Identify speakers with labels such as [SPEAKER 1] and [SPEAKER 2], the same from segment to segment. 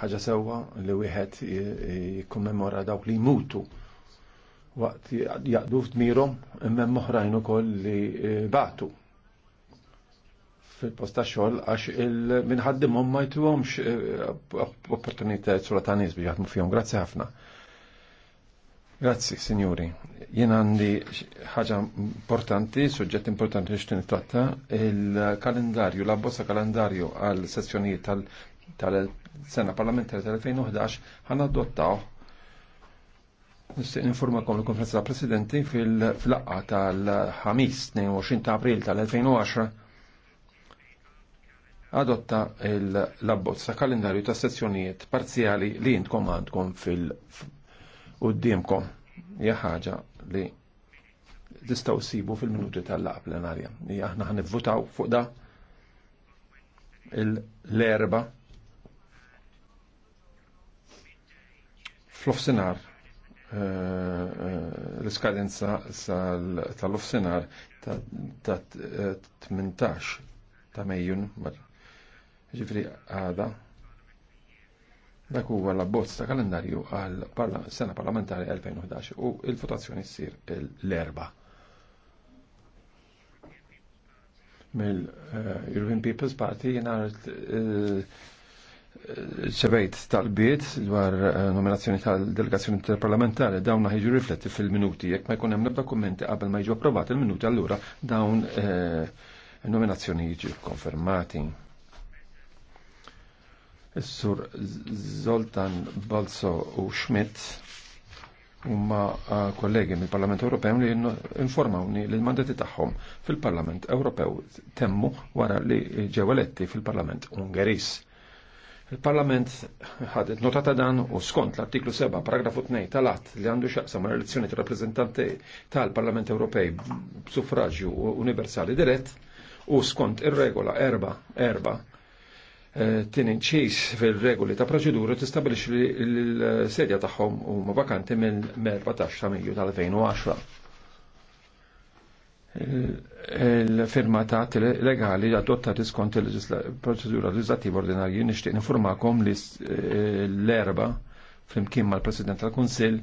[SPEAKER 1] ħaġa sewwa li wieħed jikkommemora dawk li jmutu waqt jaqdu f'dmirhom imma oħrajn ukoll li e, batu fil posta xogħol għax il-minħaddimhom ma jtuhomx e, opportunitajiet sura ta' nies biex jaħdmu fihom. Grazzi ħafna. Grazzi, sinjuri. Jien għandi ħaġa importanti, suġġett importanti li xtin tratta, il-kalendarju, l-abbozza kalendarju għal sessjonijiet tal tal-sena parlamentari tal-2011 ħan adottaw Nistiq informakom l konferenza ta' presidenti fil-laqqa tal-ħamis 22 ta' april tal-2010 adotta l-abbozz ta' kalendarju ta' sezzjonijiet parzjali li jintkom għandkom fil-qoddimkom. hija ħaġa li tistaw sibu fil-minuti tal-laqqa plenarja. Aħna ħanivvutaw fuq da l-erba' Fl-offsinar eh, eh, l-iskadenza tal-offsinar ta' 18 ta' Mejjun ġifri għada dak huwa la abbozz ta' kalendarju għal sena parlamentari 2011 u il-votazzjoni ssir l-erba. Mill-European eh, People's Party jenart ċevejt tal-biet dwar eh, nominazzjoni tal-delegazzjoni interparlamentari dawn ħiġu rifletti fil-minuti jekk ma jkun hemm dokumenti qabel ma jiġu approvat il-minuti allura dawn eh, nominazzjoni jiġu konfermati. Is-sur Zoltan Balso u Schmidt huma eh, kollegi mill-Parlament Ewropew li informawni li l-mandati tagħhom fil-Parlament Ewropew temmu wara li ġew eletti fil-Parlament Ungeris Il-Parlament ħadet nota ta' dan u skont l-artiklu 7, paragrafu 2 tal-att li għandu xaqsam l elezzjoni ta' rappresentanti tal-Parlament Ewropej b'suffraġġju universali dirett u skont ir-regola 4 erba eh, tin fil-regoli ta' proċeduru tistabilix li l-sedja tagħhom huma vakanti minn 14 ta' milju tal-2010 il-firmatat legali adottati skont il-proċedura legislativa ordinarji nixtieq informakom li l-erba flimkien mal-President tal-Kunsill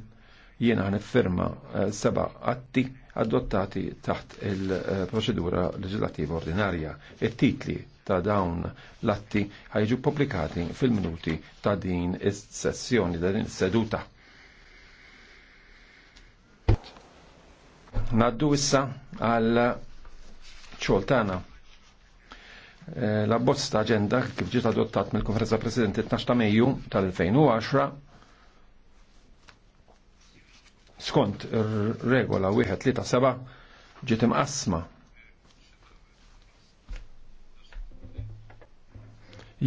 [SPEAKER 1] jiena firma eh, seba atti adottati taħt il-proċedura legislativa ordinarja. It-titli ta' dawn l-atti ħajġu publikati fil-minuti ta' din is-sessjoni, ta' din is-seduta. Naddu issa għal ċoltana. Eh, La bozz ta' ġenda kif ġiet adottat mill-Konferenza Presidenti 12 ta' Mejju tal-2010 skont regola 137 ġiet imqasma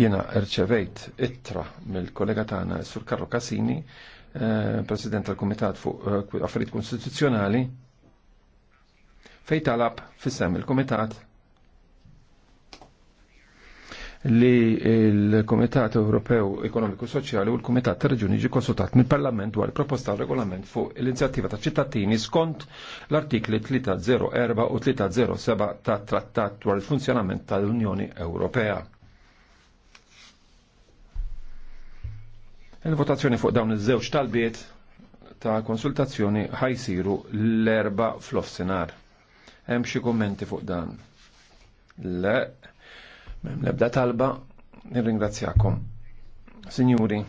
[SPEAKER 1] Jiena rċevejt ittra mill-kollega tagħna Sur Karro Casini, eh, President tal-Kumitat fuq eh, Affarijiet Konstituzzjonali, fej talab fissem il-Komitat li il-Komitat Ewropew Ekonomiku Soċjali u l-Komitat ta' Reġuni ġi konsultat mill-Parlament dwar il-proposta regolament fuq l-inizjattiva ta' ċittadini skont l-artikli 304 u 307 ta' Trattat dwar il-funzjonament tal-Unjoni Ewropea. Il-votazzjoni fuq dawn iż-żewġ talbiet ta' konsultazzjoni ħajsiru l-erba' fl offsenar Hemm xi kummenti fuq dan? Le, m'hemm l-ebda talba, nirringrazzjakom. Signuri.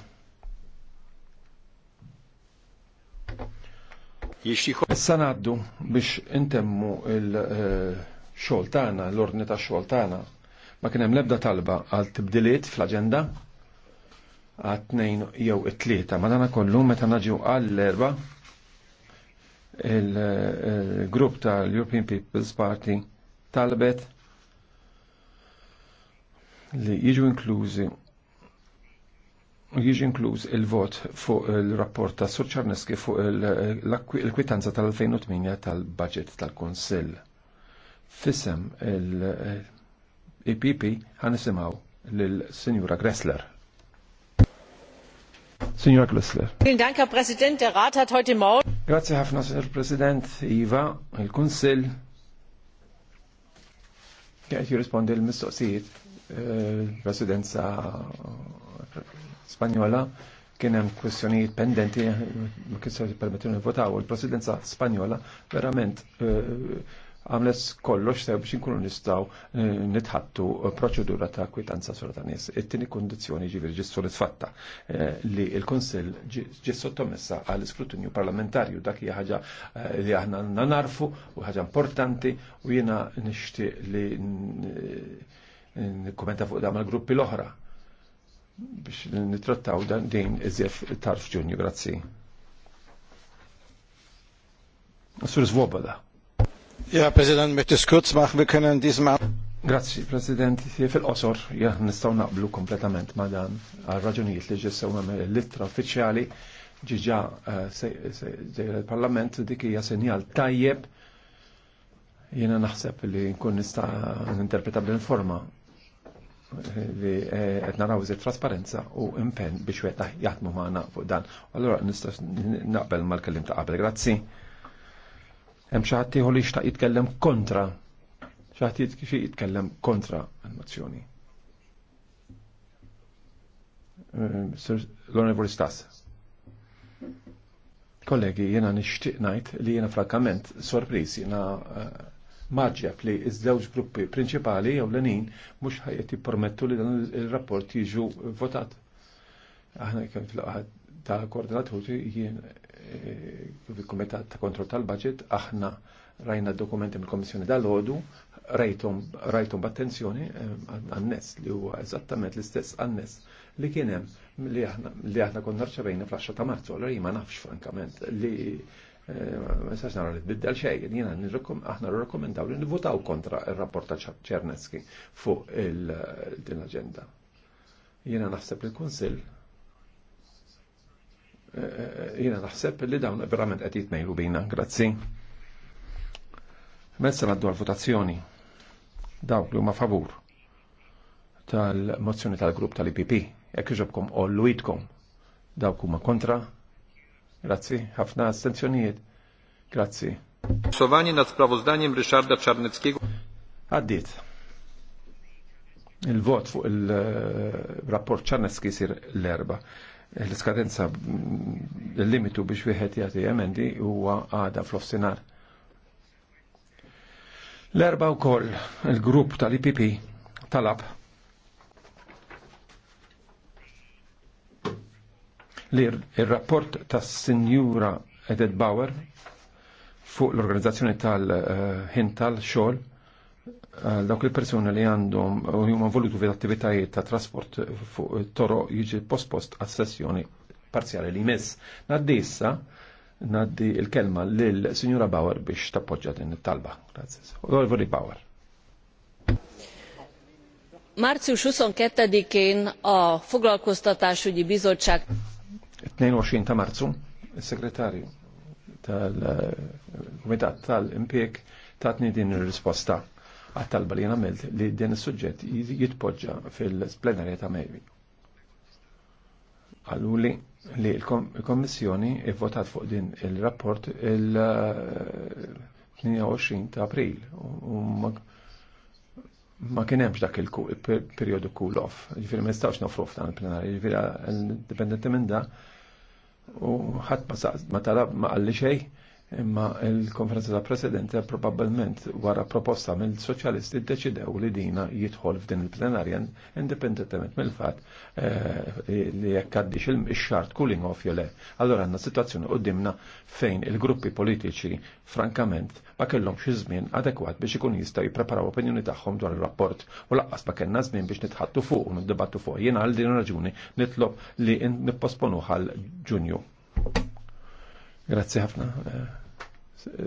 [SPEAKER 1] Issa ngħaddu biex intemmu il-xogħol eh, tagħna, l-ordni tax-xogħol tagħna. Ma kien hemm l-ebda talba għal tibdiliet fl-aġenda għat tnejn jew it-tlieta, ma dana kollu meta naġu għall erba' il-grupp eh, tal-European People's Party talbet li jiġu inklużi jiġi inkluż il-vot fuq il-rapport ta' Soċarneski fuq il-kwitanza tal-2008 tal-budget tal-Konsill. Fissem il-EPP eh, għanisimaw lil-Sinjura Gressler. Signor Klessler. Vielen Dank, Herr Präsident. Der Rat hat heute Morgen. Grazie Hafna, Sir President. Iva, il-Kunsil. Għet jirrispondi l-mistoqsijiet. Presidenza eh, eh, Spanjola kien hemm kwestjonijiet pendenti eh, ma kienx permettu votaw. Il-Presidenza Spanjola verament għamles kollox sew biex inkunu nistaw eh, nitħattu eh, proċedura ta' kwitanza sura ta' nies. It-tieni kundizzjoni ġifieri ġis soddisfatta eh, li l konsil ġis sottomessa għal iskrutinju parlamentarju dak hija ħaġa li aħna narfu u ħaġa importanti u jiena nixtieq li nikkumenta fuq dam il-gruppi l-oħra biex nitrattaw dan din iżjed tarf ġunju, grazzi. Sur Svoboda. Ja, President, mit diskutz machen wir können diesmal. Grazzi, President, fil osor ja, nistaw naqblu kompletament ma dan, għal raġunijiet li ġessaw l-littra uffiċjali ġiġa eh, il-parlament dik hija sinjal tajjeb jiena naħseb li nkun nista' ninterpreta bl-informa li eh, qed naraw trasparenza u impenn biex wetaħ jaħdmu magħna fuq dan. Allora nista' naqbel mal-kellim ta' qabel. Grazzi. Hemm xi ħadd li jixtaq jitkellem kontra. Xi ħadd jitkellem kontra l-mozzjoni. Eh, L-Onorevoli Stas. Kollegi, jiena nixtieq ngħid li jiena frankament sorpriż jiena eh, maġġef li iż-żewġ gruppi prinċipali jew l-għanin mhux ħajet jippermettu li dan ir-rapport jiġu votat. Aħna kemm fil ta' koordinaturi jien il kumita ta' kontrol tal-Budget aħna rajna dokumenti mill-Komissjoni dal-ħodu, rajtum b'attenzjoni eh, għannes li huwa eżattament l-istess għannes li kienem li aħna konna rċevejna fl-10 ta' marzu, għallura ma nafx frankament li eh, ma nara li tbiddel xej, jiena aħna r-rekomendaw li nivvotaw kontra il rapport ta' Ċernetski fuq din agenda. aġenda Jiena naħseb il-Kunsill Jiena naħseb li dawn verament qed jitnejlu bina, grazzi. Mezza għaddu għal-votazzjoni. Dawk li huma favur tal-mozzjoni tal-grupp tal-IPP. Jekk iġobkom l-luidkom Dawk huma kontra. Grazzi, ħafna astenzjonijiet. Grazzi. Głosowanie nad sprawozdaniem Ryszarda Czarneckiego. Għaddit. Il-vot fuq il-rapport eh, Czarnecki sir l-erba l-skadenza l-limitu biex wieħed jagħti emendi huwa għada fl-ofsinar. L-erba wkoll il-grupp tal-IPP talab li il-rapport tas sinjura Edet Bauer fuq l-organizzazzjoni tal-ħin tal-xogħol Eh, dawk il-persuna li għandhom u jumma volutu fil-attivitajiet ta' trasport fuq toro jiġi post-post għas sessjoni parzjali li mess. Naddi issa, naddi il-kelma l signora Bauer biex tappoġġa din it-talba. Grazie. Olvori Bauer. ketta di kien a di Bizottság 22 ta' marzu, il-segretarju tal-Komitat tal eh, impiek tatni din ir risposta għat-talba li għamilt li din is-suġġett jitpoġġa fil splenarja ta' Mejri. Għallu li li l-Kommissjoni votat fuq din il-rapport il-28 ta' april u ma kienemx dak il-periodu cool off, ġifiri ma jistawx nofruf f'dan il-plenarja, ġifiri dipendenti minn da u ħadd ma tarab ma qalli xejn imma il-konferenza ta' presidenti probabbilment wara proposta mill-soċjalisti ddeċidew li dina jidħol f'din il-plenarja indipendentement mill-fatt eh, li jekk għaddix il-xart cooling off jew le. Allora għandna situazzjoni qudiemna fejn il-gruppi politiċi frankament ma kellhom xi żmien adekwat biex ikun jistgħu jippreparaw opinjoni tagħhom dwar ir-rapport u laqqas ma kellna żmien biex nitħattu fuq u niddibattu fuq. Jiena għal din raġuni nitlob li nipposponu għal Ġunju. Grazzi ħafna. Eh,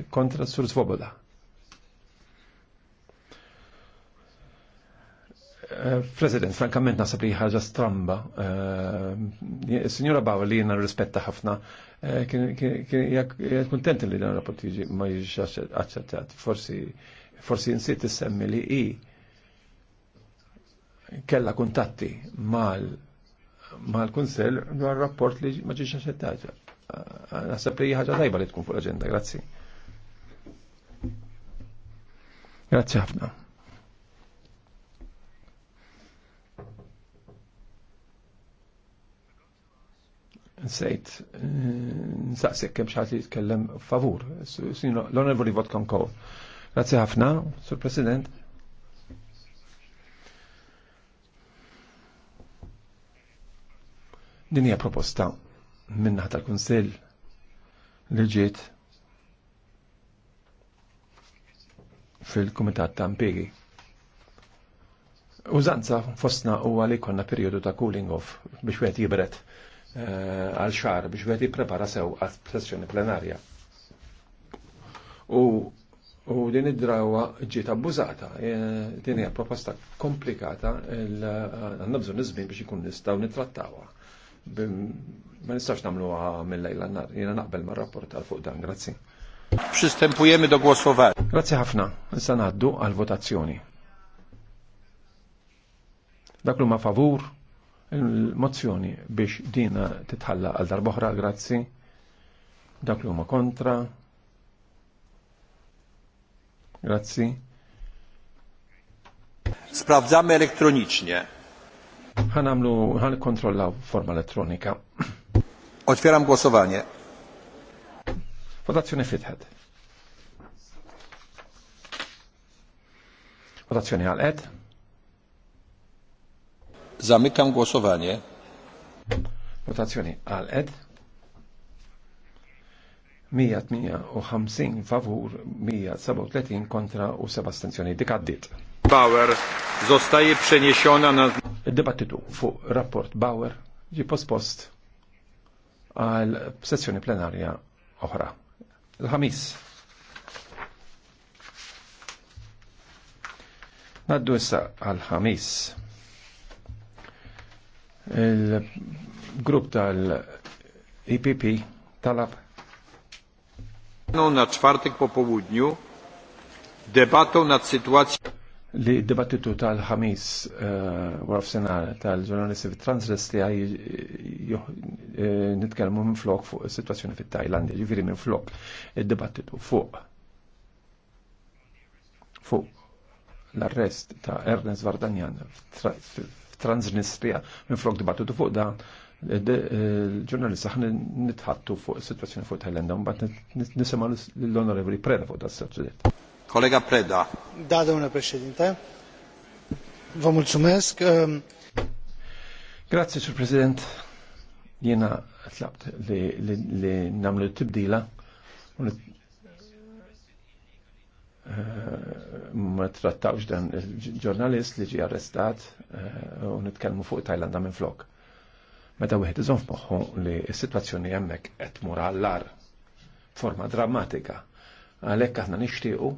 [SPEAKER 1] kontra Sur Svoboda. Eh, President, frankament nasab li ħaġa stramba. Eh, Signora Bawa li jena rispetta ħafna, eh, kien kontent li dan rapport jiġi ma jiġi accettat. Forsi, forsi nsit semmi li i kella kuntatti mal mal kunsel dwar rapport li ma ġiġi accettat. Nasab li ħaġa tajba li tkun fuq l-agenda, Grazie. Grazzi ħafna. Nsejt, nsaqsek kem xaħat li jitkellem favur. L-onorevoli vot konko. Grazie ħafna, Sur President. Din hija proposta minna tal-Kunsill li ġiet fil-Kumitat ta' Impjegi. Użanza fostna huwa li konna perjodu ta' cooling off biex wieħed jibret eh, għal xar biex wieħed jipprepara sew għal sessjoni plenarja. U U din id-drawa ġiet abbużata, eh, din hija proposta komplikata, għandna bżonn iż-żmien biex ikun nistgħu nittrattawha. Ma nistax nagħmluha mill-lejla nar, jiena naqbel mar-rapport tal fuq dan, grazzi. Przystępujemy do głosowania. Grazzi ħafna, issa ngħaddu għal votazzjoni. Dak ma favur il-mozzjoni biex dina titħalla għal darboħra, grazzi. Dak ma kontra. Grazzi. Sprawdzamy elektronicznie. Ħanamlu ħan kontrollaw forma elettronika. Otwieram głosowanie. Votazzjoni fitħed. Votazzjoni għal-ed. Zamikam głosowanie. Votazzjoni għal-ed. 158 favur, 137 kontra u 7 astenzjoni. Dik Bauer zostaje przeniesiona na... Debattitu fu rapport Bauer ġi pospost għal sessjoni plenarja oħra. Il-ħamis. Naddu issa għal-ħamis. Il-grupp tal-IPP talab. Na czwartek po południu debatą nad situazzju li debattitu tal-ħamis e, wara senar tal-ġurnalisti fit-Transresti għaj e, e, nitkellmu minn flok fuq situazzjoni fit-Tajlandi, ġifiri minn flok id debattitu fuq fuq l-arrest ta' Ernest Vardanjan f-Transnistria minn flok dibattitu fuq da eh, l ġurnalista ħna nitħattu fuq situazzjoni fuq Thailand un bat nisema l-Onorevoli Preda fuq da' s suġġett. Kollega Preda. Da, una Presidente. Vă sumesk. Ehm, Grazie, Sir President. Jena tlabt li namlu tibdila Eh, ma trattawx dan il-ġurnalist li ġi arrestat eh, u nitkellmu fuq Tajlanda minn flok. Meta wieħed iżomm f'moħħu li s-sitwazzjoni hemmhekk qed mur għall-ar forma drammatika. Għalhekk aħna nixtiequ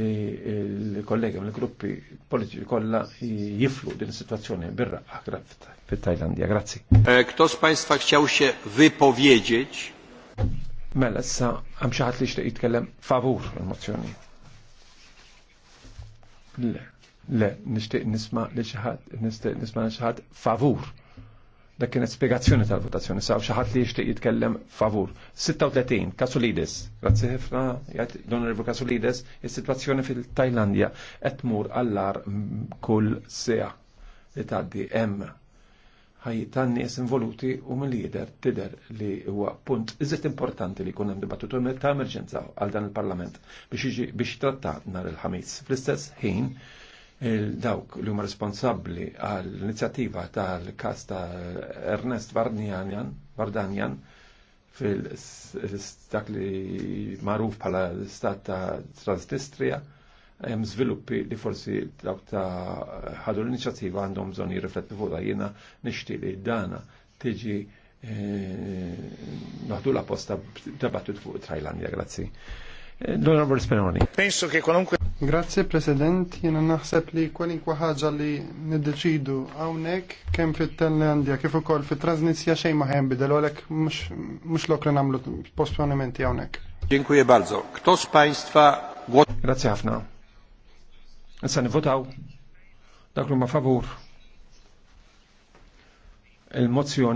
[SPEAKER 1] li l-kollegi mill gruppi politiċi kollha jiflu din is-sitwazzjoni birra fit-Tajlandja. Grazzi. Eh, Kto z Państwa chciał się wypowiedzieć? Mela, issa hemm xi ħadd li jitkellem favur il-mozzjoni. Le, le, nishtiq nisma li xaħat, nishtiq nisma li xaħat favur. Dak kienet spiegazzjoni tal-votazzjoni, saw xaħat li jishtiq jitkellem favur. 36, Kasulides, grazzi ħifna, jgħat l-onorevu Kasulides, il-situazzjoni fil-Tajlandja, etmur għallar kull seja li taddi emma ħaj tan nies involuti u mill jider tider li huwa punt iżet importanti li kunem hemm dibattitu ta' emerġenza għal dan il-Parlament biex iġi biex trattat nhar il-ħamis. Fl-istess ħin dawk li huma responsabbli għall inizjattiva tal-każ ta' Ernest Vardanjan Vardanjan fil-stak li magħruf bħala stat ta' Transnistria hemm żviluppi li forsi dawk ta' ħadu l-inizjattiva għandhom bżonn jirrifletti da jiena nixtieq li dana tiġi eh, naħdu la posta dibattut fuq Trajlandja, grazzi. Eh, L-Onorevole Speroni. Penso che qualunque Grazie President, jena naħseb li kwalinkwa ħaġa li niddeċidu hawnhekk kemm fit-Tellandja kif ukoll fit-Trasnizja xejn ma ħem bidel għalhekk mhux lok li nagħmlu postponimenti hawnhekk. Dziękuję bardzo. Kto z Państwa Grazie ħafna. Nsa nivotaw dak li ma favur il-mozzjoni